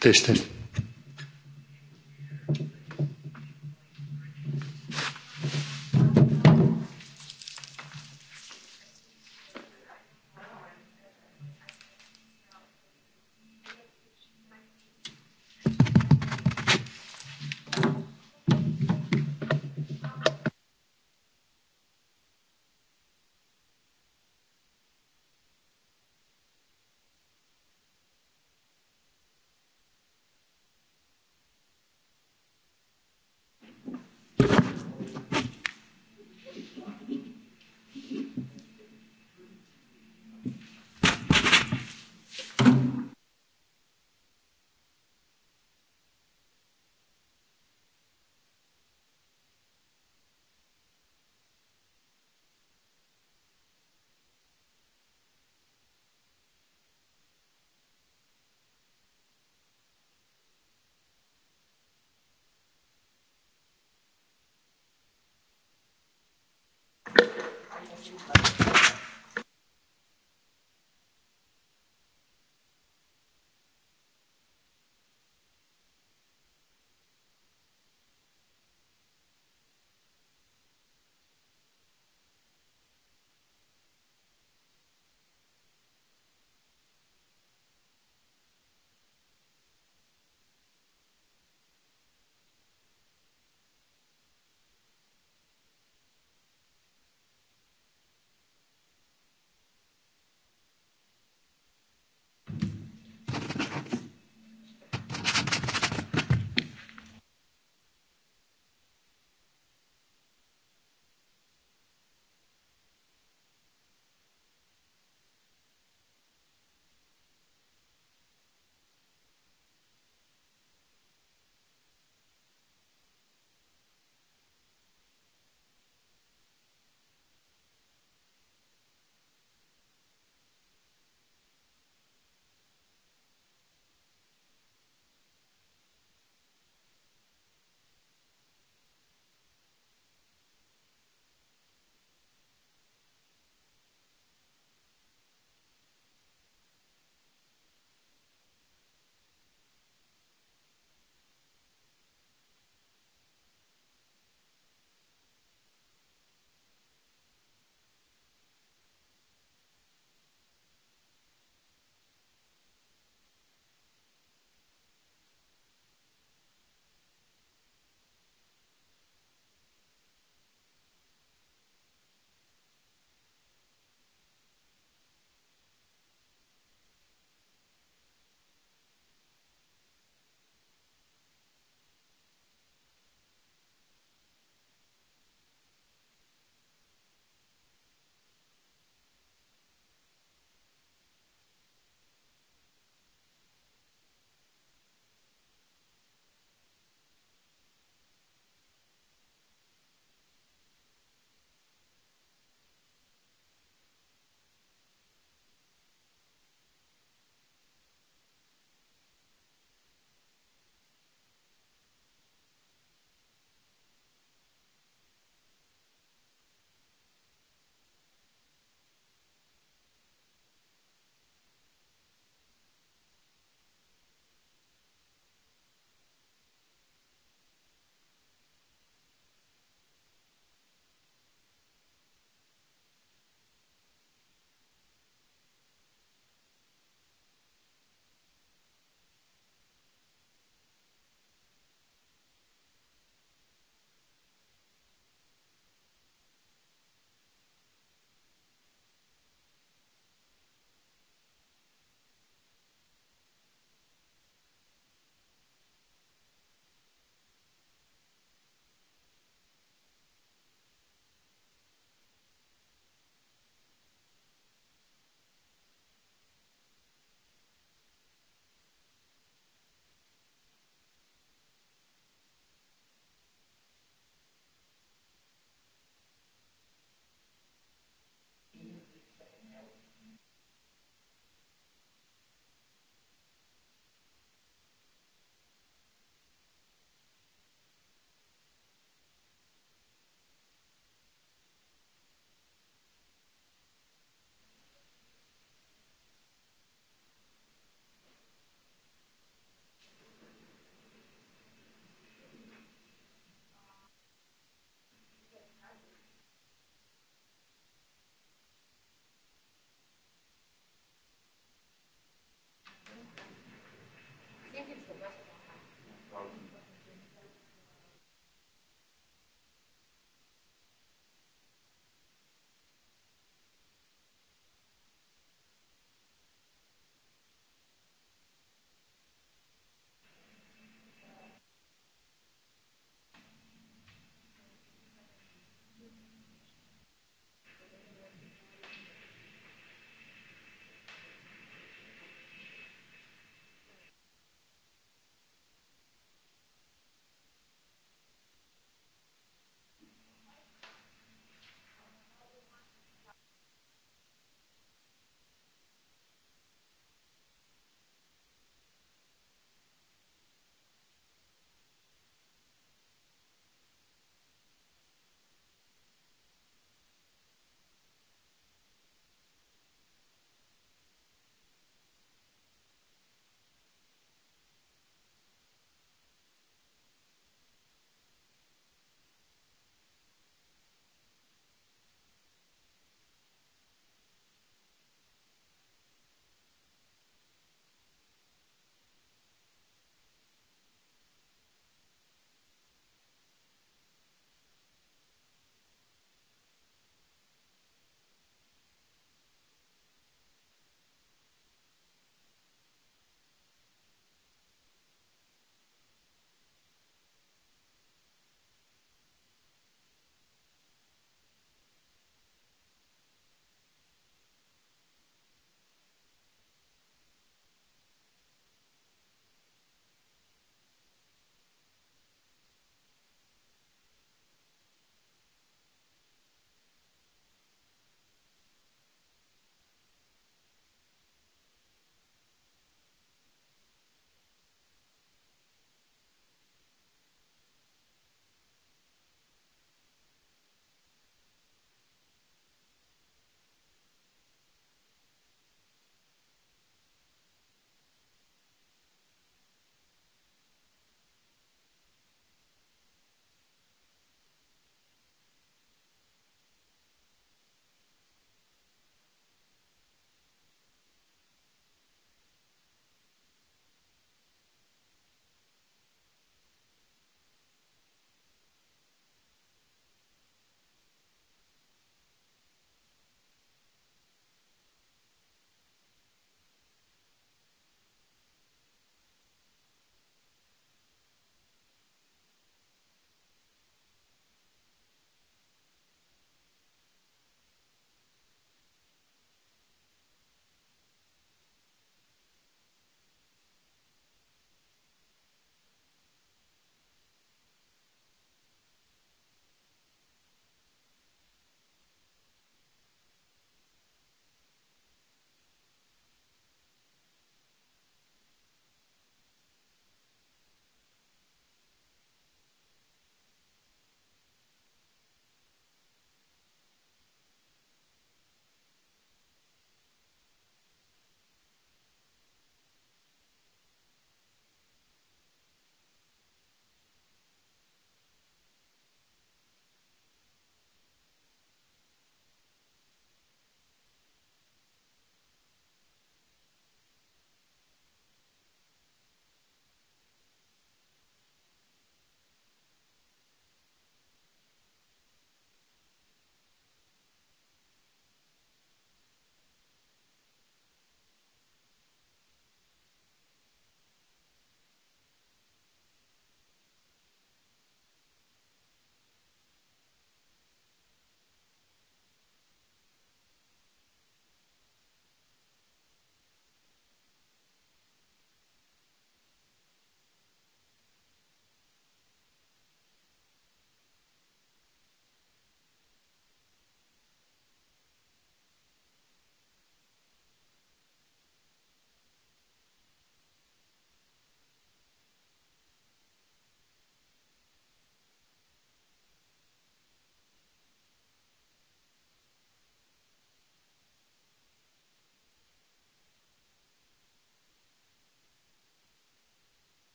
Test, test.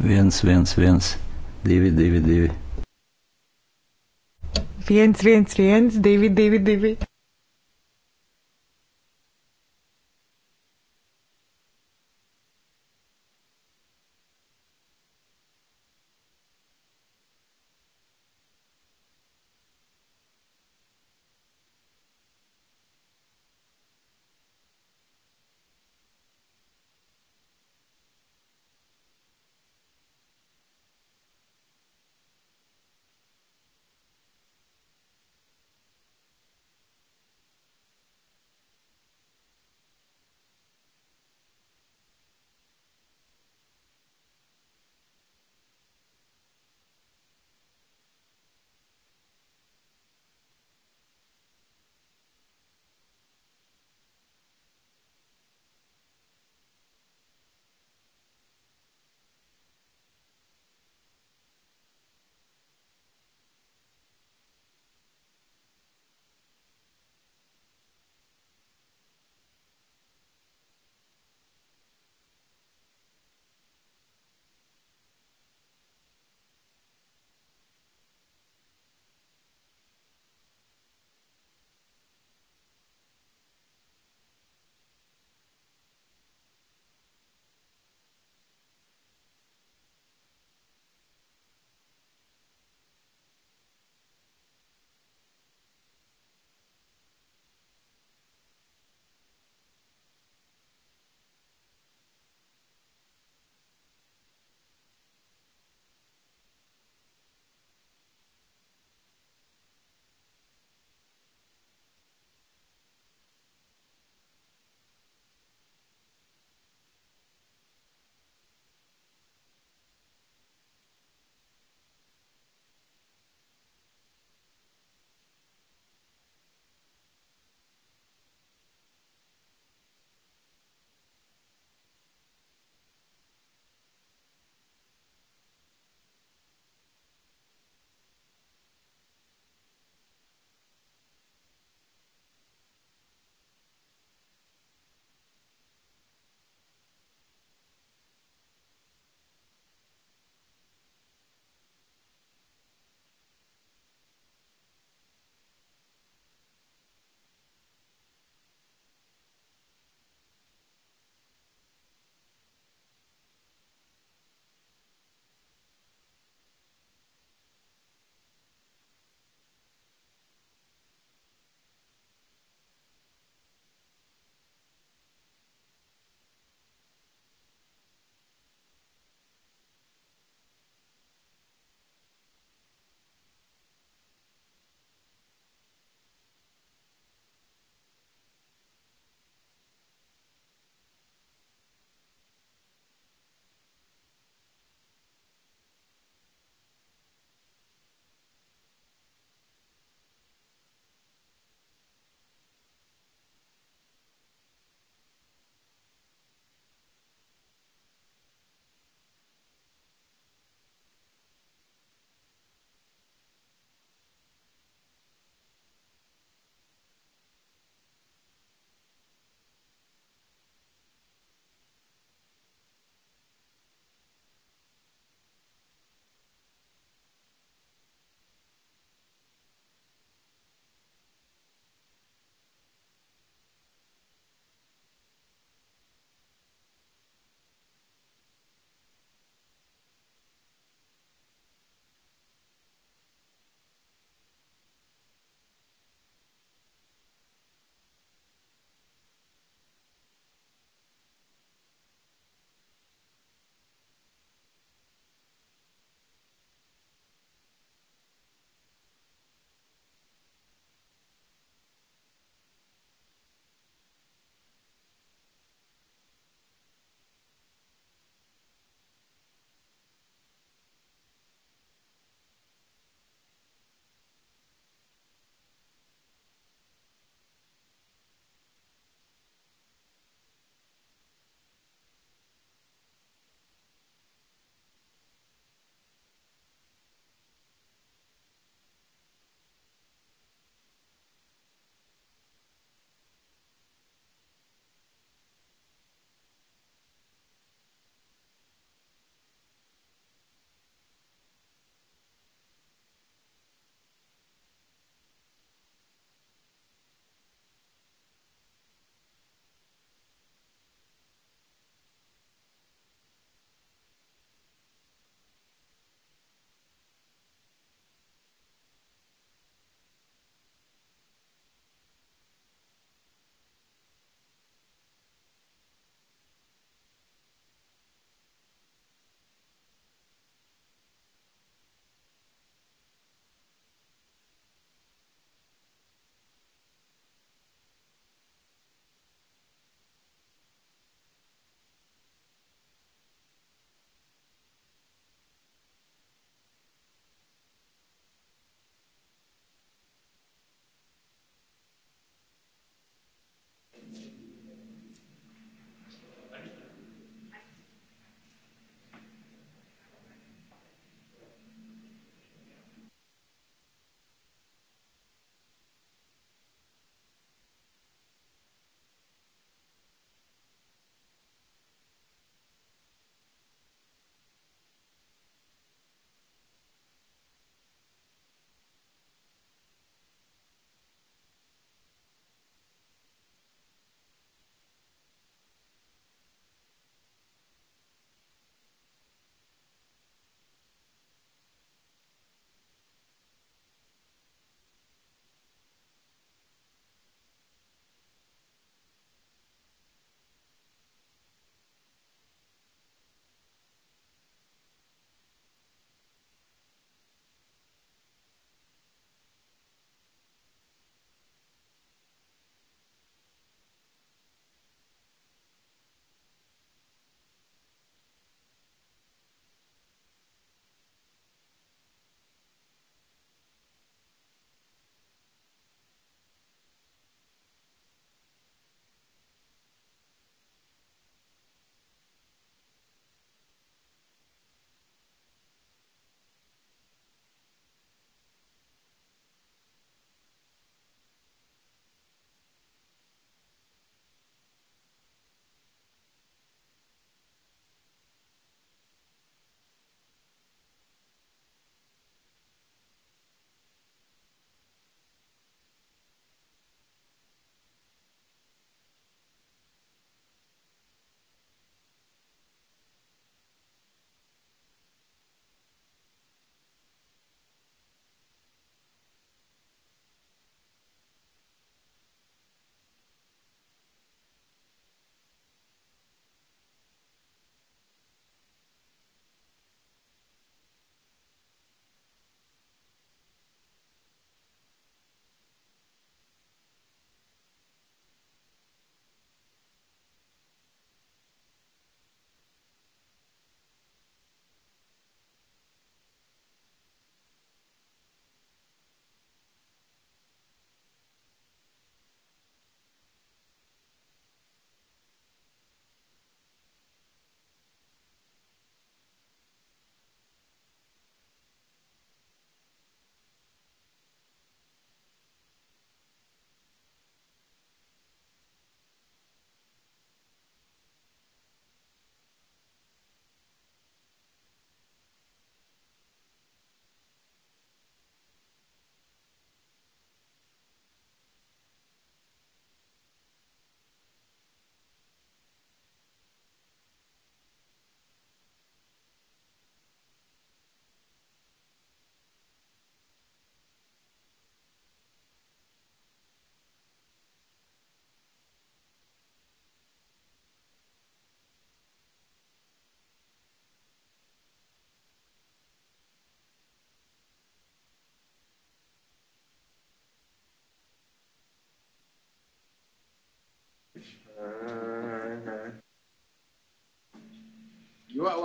111, 222. 1, 1, 1, 2, 2, 2.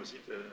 parasiten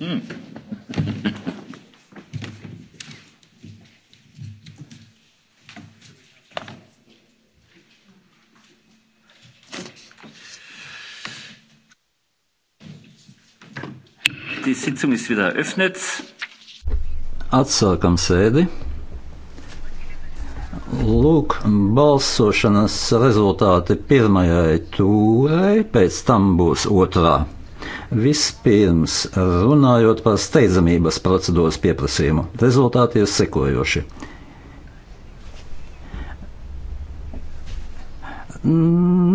Mm. Die Sitzung ist wieder eröffnet. Atsākam sēdi. Lūk, balsošanas rezultāti pirmajai tūrai, pēc tam būs otrā. Vispirms runājot par steidzamības procedūras pieprasījumu, rezultāti ir sekojoši.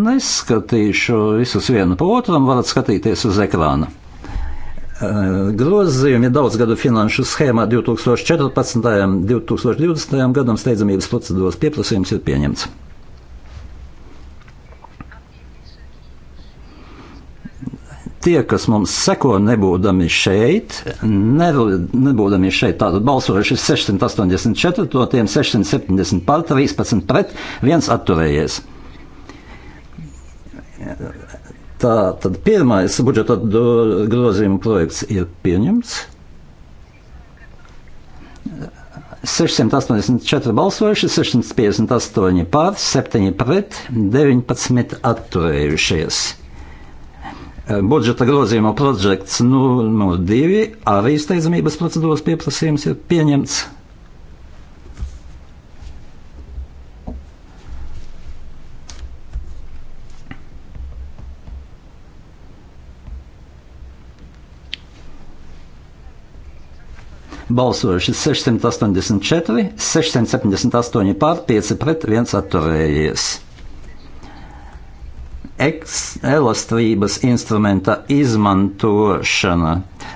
Neskatīšu visus vienu pa otram, varat skatīties uz ekrāna eh, grozījumi daudzgadu finanšu schēmā 2014. un 2020. gadam steidzamības procedūras pieprasījums ir pieņemts. tie, kas mums seko, nebūdami šeit, ne, nebūdami šeit, tātad balsojuši 684, no tiem 670 par, 13 pret, viens atturējies. Tā tad pirmais budžeta grozījuma projekts ir pieņemts. 684 balsojuši, 658 pār, 7 pret, 19 atturējušies. Eh, budžeta grozījuma projekts numur divi arī steidzamības procedūras pieprasījums ir pieņemts. Balsojuši 684, 678 pār 5 pret 1 atturējies elastības instrumenta izmantošana.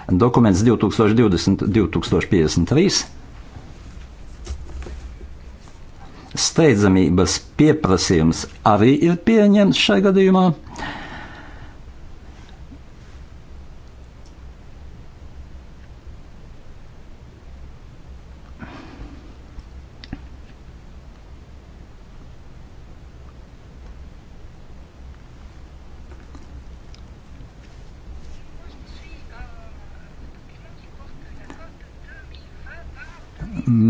Dokuments 2020-2053. Steidzamības pieprasījums arī ir pieņemts šajā gadījumā. Uh,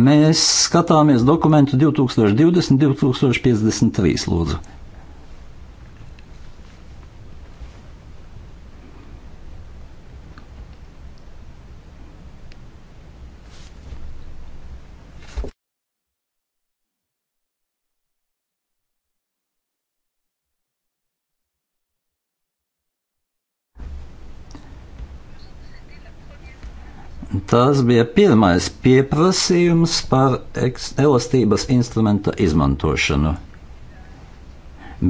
Mēs skatāmies dokumentu 2020, 2053, lūdzu. Tas bija pirmais pieprasījums par elastības instrumenta izmantošanu.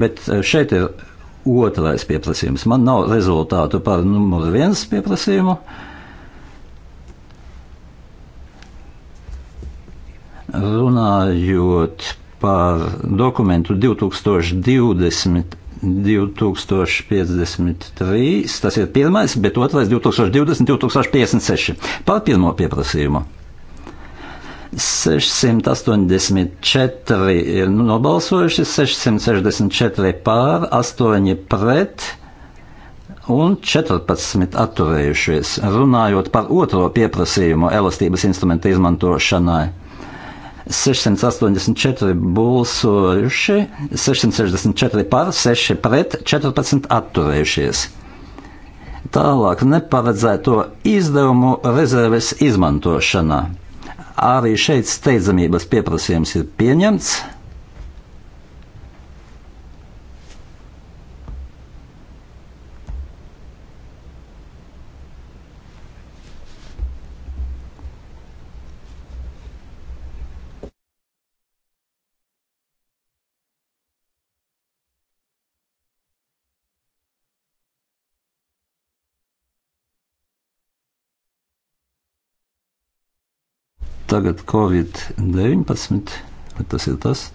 Bet e, šeit ir otrais pieprasījums. Man nav rezultātu par numuru viens pieprasījumu. Runājot par dokumentu 2020 2053, tas ir pirmais, bet otrais 2020, 2056 par pirmo pieprasījumu. 684 ir nobalsojuši, 664 pār, 8 pret un 14 atturējušies, runājot par otro pieprasījumu elastības instrumenta izmantošanai. 684 balsojuši, 664 par, 6 pret, 14 atturējušies. Tālāk neparedzēto izdevumu rezerves izmantošana. Arī šeit steidzamības pieprasījums ir pieņemts. Tagad Covid-19, vai tas ir tas?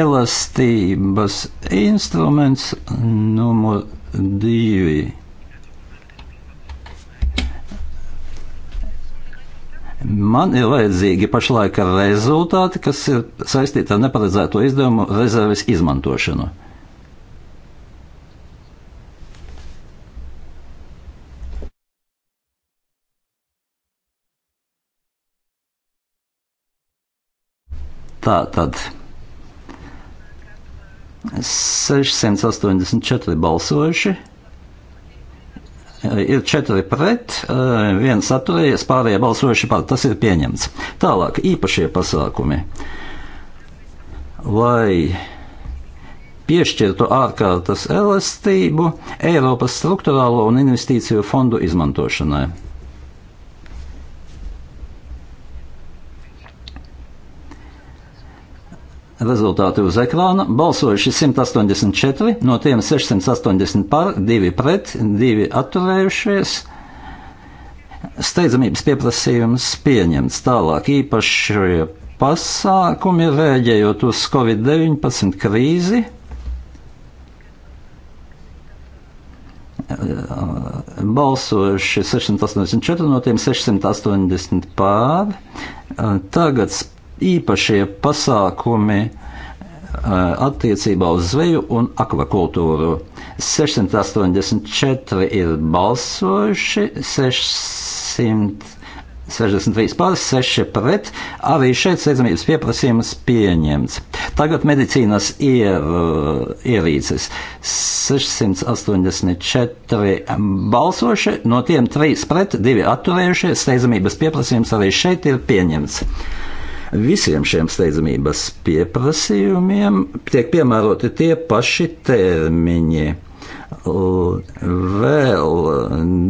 elastības instruments numur divi. Man ir vajadzīgi pašlaik rezultāti, kas ir saistīti ar neparedzēto izdevumu rezerves izmantošanu. Tā tad 684 balsojuši ir četri pret, eh, viens atturējies, pārējie balsojuši par. Tas ir pieņemts. Tālāk, īpašie pasākumi. Lai piešķirtu ārkārtas elastību Eiropas struktūrālo un investīciju fondu izmantošanai. Rezultāti uz ekrāna balsojuši 184, no tiem 680 par, 2 pret, 2 atturējušies. Steidzamības pieprasījums pieņemts tālāk īpaši pasākumi rēģējot uz Covid-19 krīzi. balsojuši 684 no tiem 680 pār. Tagad īpašie pasākumi eh, attiecībā uz zveju un akvakultūru. 684 ir balsojuši, 663 pār 6 pret. Arī šeit steidzamības pieprasījums pieņemts. Tagad medicīnas ier, ierīces. 684 balsojuši, no tiem 3 pret, 2 atturējušie. Steidzamības pieprasījums arī šeit ir pieņemts. Visiem šiem steidzamības pieprasījumiem tiek piemēroti tie paši termiņi. Vēl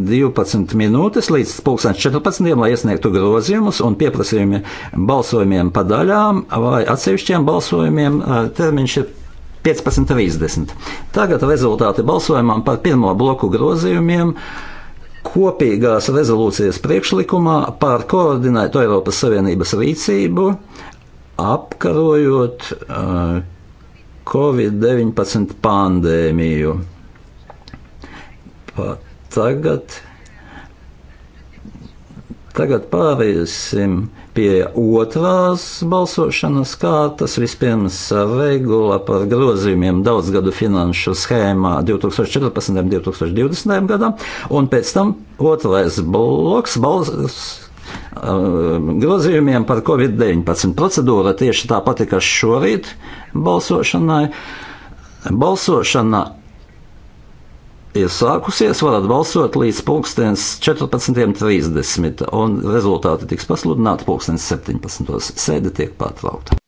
12 minūtes līdz 2014. lai iesniegtu grozījumus un pieprasījumi balsojumiem pa daļām vai atsevišķiem balsojumiem. Termiņš ir 15.30. Tagad rezultāti balsojumam par pirmo bloku grozījumiem. Uh, kopīgās rezolūcijas priekšlikumā par koordinētu Eiropas Savienības rīcību, apkarojot uh, eh, Covid-19 pandēmiju. Pat tagad, tagad pāriesim pie otrās balsošanas kārtas. Vispirms uh, regula par grozījumiem daudzgadu finanšu schēmā 2014. un 2020. gadam, un pēc tam otrais bloks balsojums uh, grozījumiem par Covid-19 procedūru tieši tā pati, kas šorīt balsošanai. Balsošana ir sākusies, varat balsot līdz 14.30, un rezultāti tiks pasludināti 17.00. Sēde tiek pārtraukta.